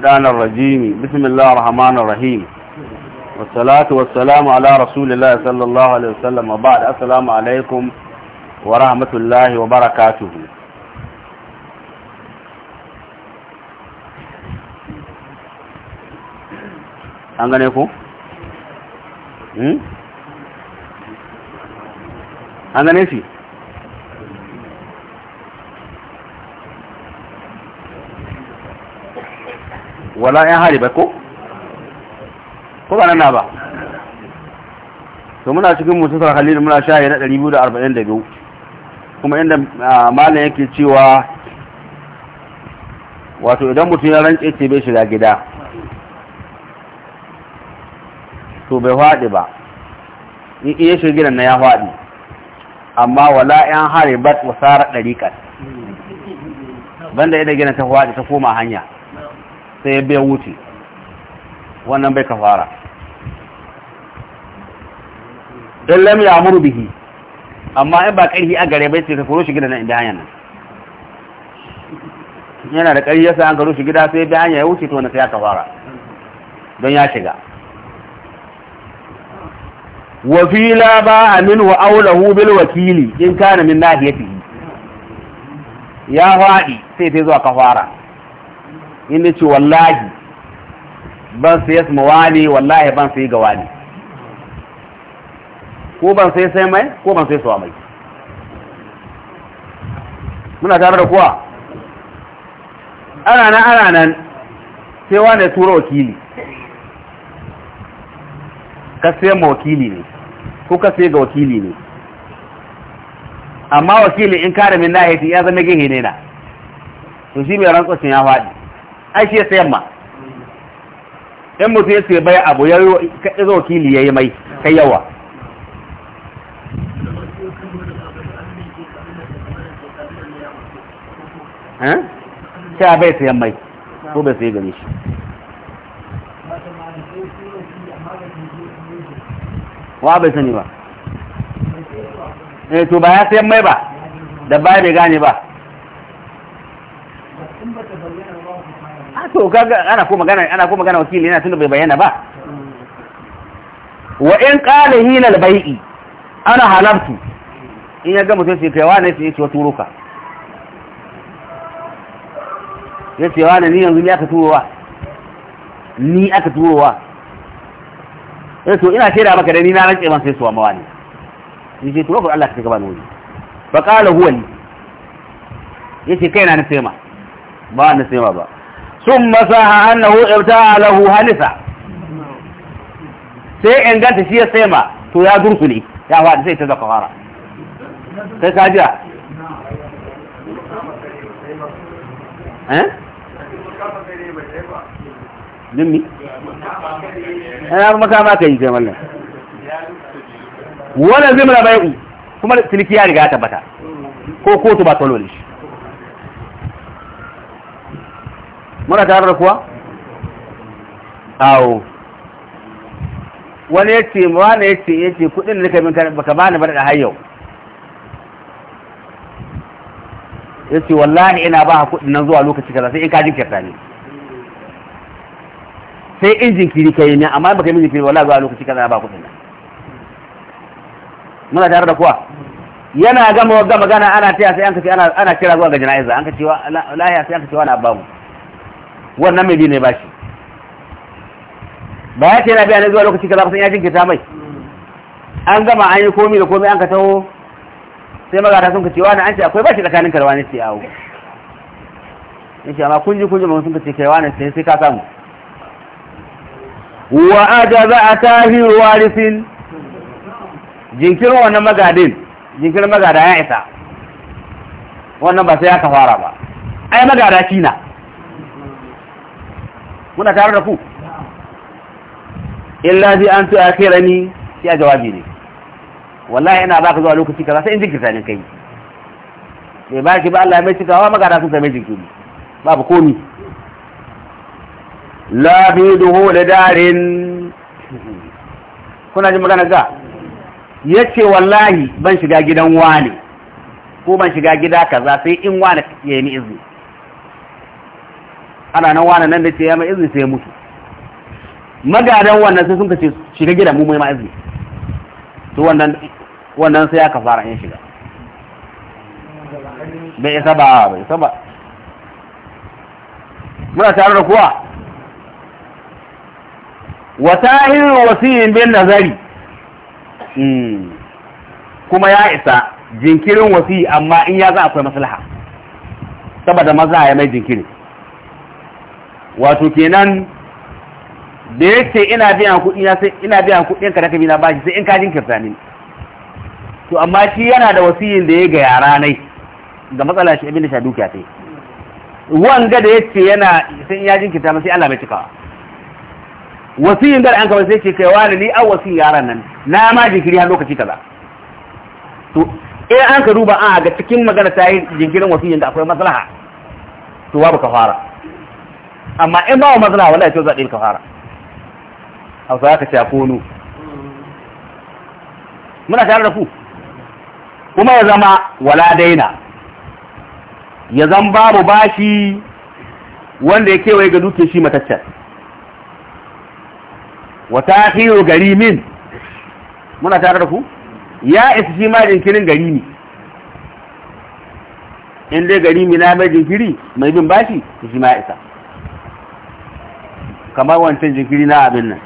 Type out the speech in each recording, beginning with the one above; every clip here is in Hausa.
الشيطان الرجيم بسم الله الرحمن الرحيم والصلاة والسلام على رسول الله صلى الله عليه وسلم وبعد السلام عليكم ورحمة الله وبركاته أنا gane wala yan hari ba ko ko ba nan ba to muna cikin musulun halil muna shahi na 242 kuma inda malam yake cewa wato idan mutum ya rantse ce bai shiga gida to bai faɗi ba in iya shiga gidan na ya faɗi amma wala yan ba wasarar ɗariƙar banda ina gina ta faɗi ta koma hanya sai ya biya wuce wannan bai kafara don lam ya amuru bihi amma in ba ƙarfi a gare bai ce ka koro shi gida nan inda hanyar nan yana da ƙarfi yasa an koro shi gida sai biya hanyar ya wuce to wanda sai ya kafara don ya shiga Wafila ba a min wa aula bil wakili in kana min nahiyatihi ya faɗi sai ta zuwa kafara inda ce wallahi ban sai yasma wani wallahi ban sai ga wani ko ban sai sai mai ko ban sai suwa mai muna tare da kuwa ana nan ana nan sai wani tura wakili ka sai ma wakili ne ko ka sai ga wakili ne amma wakili in kare min na ya zama gihe ne na to shi mai rantsocin ya faɗi ai shi ya sayan ma in mutum ya sai bai abu ya yi zo kili ya yi mai kai yawa ta eh? bai sayan mai ko bai sai gani shi wa bai sani ba eh to ba ya sayan mai ba da ba bai gane ba to kaga ana ko magana ana ko magana wakili yana tunda bai bayyana ba wa in qala hina al-bai'i ana halaftu in ya ga mutum sai kai wani sai yace turo ka wa wani ni yanzu ni aka turowa ni aka turowa eh to ina shaida maka da ni na rantse man sai suwa wani ni ce turo ko Allah ka gaba ni fa qala huwa Ya yace kai na na sai ma ba na sai ma ba sun masaha annahu a lahu halisa sai inganta shi ya ma to ya ne ya faɗi sai ta zaka fara sai ka jira eh ya ya maka ma yi kai mallan wala zimra bai'u kuma tilki ya riga ta bata ko kotu ba tolole shi muna tare da kuwa awo wani ya ce wani ya ce ya ce kudin da kai min baka bani ba da hayyau ya ce wallahi ina ba kudin nan zuwa lokaci kaza sai in ka jinkirta ne sai in jinkiri kai ne amma baka min jinkiri wallahi zuwa lokaci kaza ba kudin nan muna tare da kuwa yana gama gama gana ana taya sai an kace ana kira zuwa ga jana'iza an ka cewa lahiya sai an ka cewa na bamu wannan mai biyu ne bashi ba ya ce na biya ne zuwa lokaci kaza kusan yakin kita mai an gama an yi komi da komi an ka taho sai magata sun ka cewa na an ce akwai bashi tsakanin karwa ne ce awo in ce amma kunji kunji ma sun ka ce karwa ne sai sai ka samu wa ajaza atahiru warisin jinkirin wannan magadin jinkirin magada ya isa wannan ba sai ya kafara ba ai magada shi na Muna tare da ku illa zai an shi sai jawabi ne wallahi ina baka zuwa lokaci kaza sai in jinkirta ne kai bai baki ba Allah mai cikawa magana sun mai jinkiri babu komi la duhu da darin kuna jin magana ga Ya ce wallahi ban shiga gidan wani ko ban shiga gida kaza sai in wani ya yi izini ana nan wani nan da ce ya mai izini sai ya mutu magadan wannan sai sun ka ce shiga gidan mu mai ma izini to wannan wannan sai ya kafara in shiga bai isa ba bai isa ba muna tare da kuwa wa sahiru wasiyin bin nazari hmm. kuma ya isa jinkirin wasi amma in ya za akwai maslaha saboda maza ya mai jinkirin wato kenan da ya ce ina biyan kuɗi na sai ina biyan kuɗin ka da kabi na bashi sai in ka jinkirta ne to amma shi yana da wasiyin da ya ga yara nai ga matsala shi abin da sha dukiya sai wanga da ya ce yana sai in ya jinkirta masu sai Allah bai cika wasiyin da an kawai sai ce kai wani ni an wasiyin yaran nan na ma jinkiri har lokaci kaza to in an ka duba an ga cikin magana ta yi jinkirin wasiyin da akwai maslaha to babu kafara fara amma in ba wa mazana ya ce zaɗi fara, hausa ka ce kono muna tare da ku kuma ya zama wala daina ya zan babu bashi wanda ya kewaye ga dukiyar shi mataccen wata hiyo gari min muna tare da ku ya isa shi ma jinkirin gari ne in dai gari mina mai jinkiri mai bin bashi shi ma isa kamar wancan jinkiri na abin nan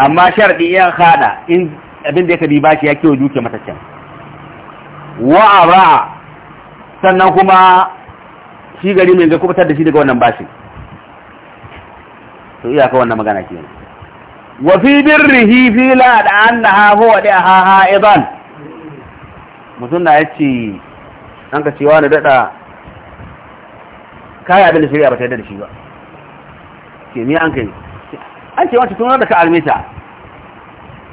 amma sharɗi yan hada in abin da ya kabi bashi ya kewa duke mataccen wa'ara sannan kuma shi gari mai ga kubutar da shi daga wannan bashi to iya ka wannan magana ke ne wa fi birrihi fi la da annaha huwa da ha ha idan mutum na yace an ka cewa na dada kaya abin da shari'a ba ta yarda da shi ba ce mi an kai an ce wata tunar da ka almita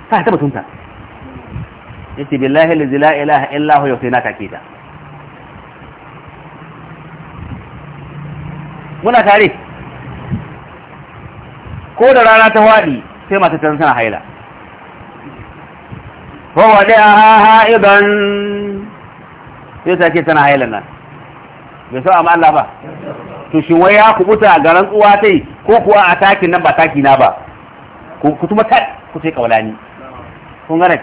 ta ta mutunta ya ce billahi lazi la ilaha illahu yau sai na kake ta muna tare ko da rana ta waɗi sai masu tana sana haila ko waɗe a ha idan sai ta tana haila nan bai so amma Allah ba to shi wai ya kubuta garan uwa ta yi ko kuwa a takin nan ba taki na ba ku tuma kat ku ce ni kun gane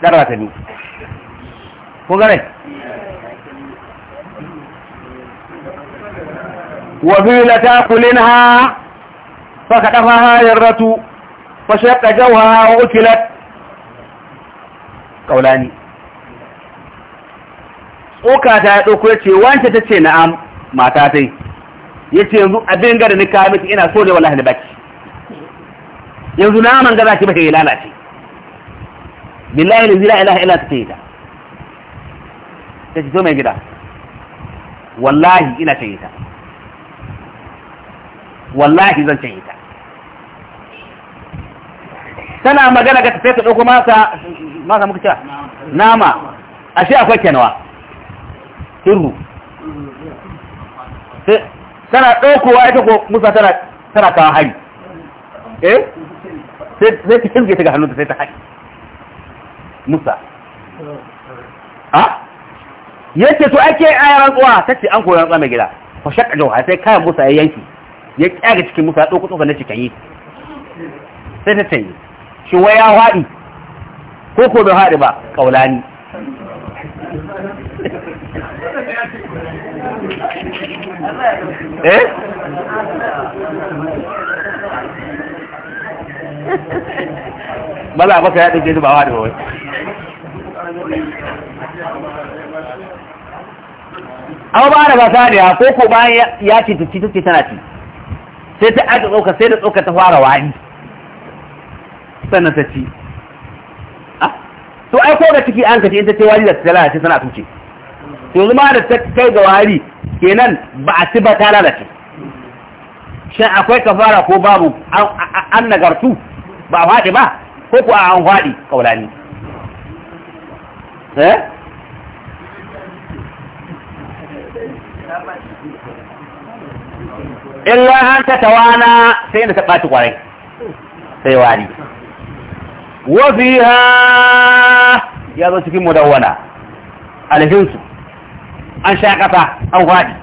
darwa ta ni kun gane wa bila taqulinha fa kadafaha yaratu fa shaqqa jawha wa ukilat kaulani tsoka ta ya ɗauko ce wance ta ce na'am mata ta ce yanzu abin gada ni kawo miki ina so da wallahi ni baki yanzu naman gada ki baka yi lalace billahi la ilaha illa ta yi ta ta zo mai gida wallahi ina ta yi ta wallahi zan ta yi ta tana magana ga tafiya ta ɗauko masa masa muka cewa nama ashe akwai kenawa sirru tana ɗaukowa ita ko musa tana tana kawo hari eh sai ta kirge ta ga hannunta sai ta haƙi musa a yake to ake ayaran tsuwa ta ce an koyi rantsuwa mai gida ko shakka jauha sai kayan musa ya yanki ya kyaga cikin musa ɗauko tsofa na cikin yi sai ta canye shi wai ya haɗi ko ko bai haɗi ba ƙaulani Thank you. eh maza baka ya ɗauke su da wai abu ba da fasariya ko ko bayan ya ce ta ce tana ci sai ta aka tsoka sai da tsoka ta fara wani sannan ta ci ah, to ai ko da ciki an kace in ta ce wari da ta lalace tana tuce to yanzu ma da ta kai ga wari kenan ba a tiba ta lalace akwai kafara ko babu an nagartu ba a faɗi ba ko ku an faɗi ƙaunani eh illa an ta tawana sai da ta ɓaci ƙwarai sai wani wafi ha ya zo cikin mudawwana alhinsu an sha kasa an faɗi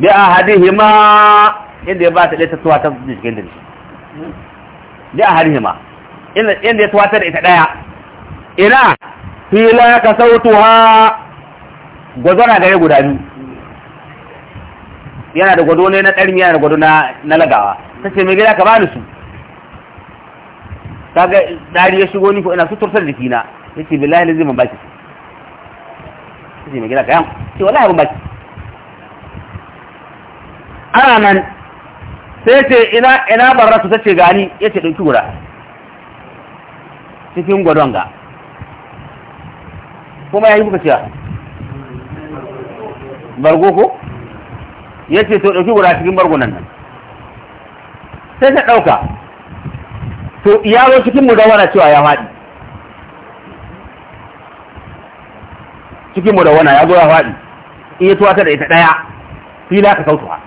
bi a hima inda ya ba ta ɗaya ta tuwa ta jikin da bi a hadihima inda ya tuwa ta da ita ɗaya ina fila ka sautu ha gwazona gare guda biyu yana da gwado ne na ɗarmi yana da gwado na lagawa ta ce mai gida ka ba ni su ga ɗari ya shigo ni ko ina suturtar jikina yace billahi lazima baki su ce mai gida ka yanku ce wala abin baki ana nan sai ce ina ina barra su tace gani yace dauki guda cikin gwadon ga kuma yayi kuka cewa bargo ko yace to dauki guda cikin bargo nan sai ta dauka to ya zo cikin mudawara cewa ya fadi cikin wana ya zo ya faɗi in ya tuwatar da ita daya fila ka sautuwa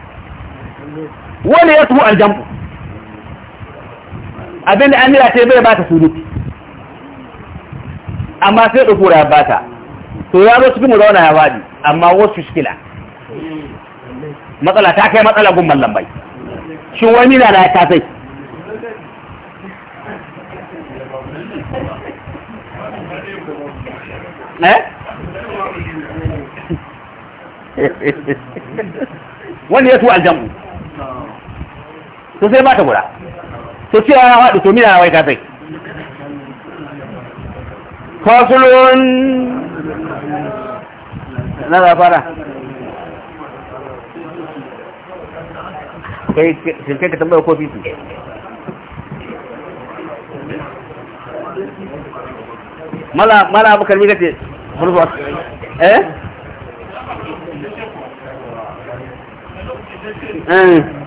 wani ya tuhu aljambu abinda an nira sai bai ba ta surutu amma sai da kura ba ta to ya zo cikin zauna ya wadi amma wasu shikila matsala ta kai matsala gumman lambai shin wani na ya tasai eh Wani ya tuwa aljamu to sai ba ta gura to ce ya haɗu to mina wai kafai sai fasulun na da fara kai shirkai ka tambaya ko su mala mala abokan mi kace eh eh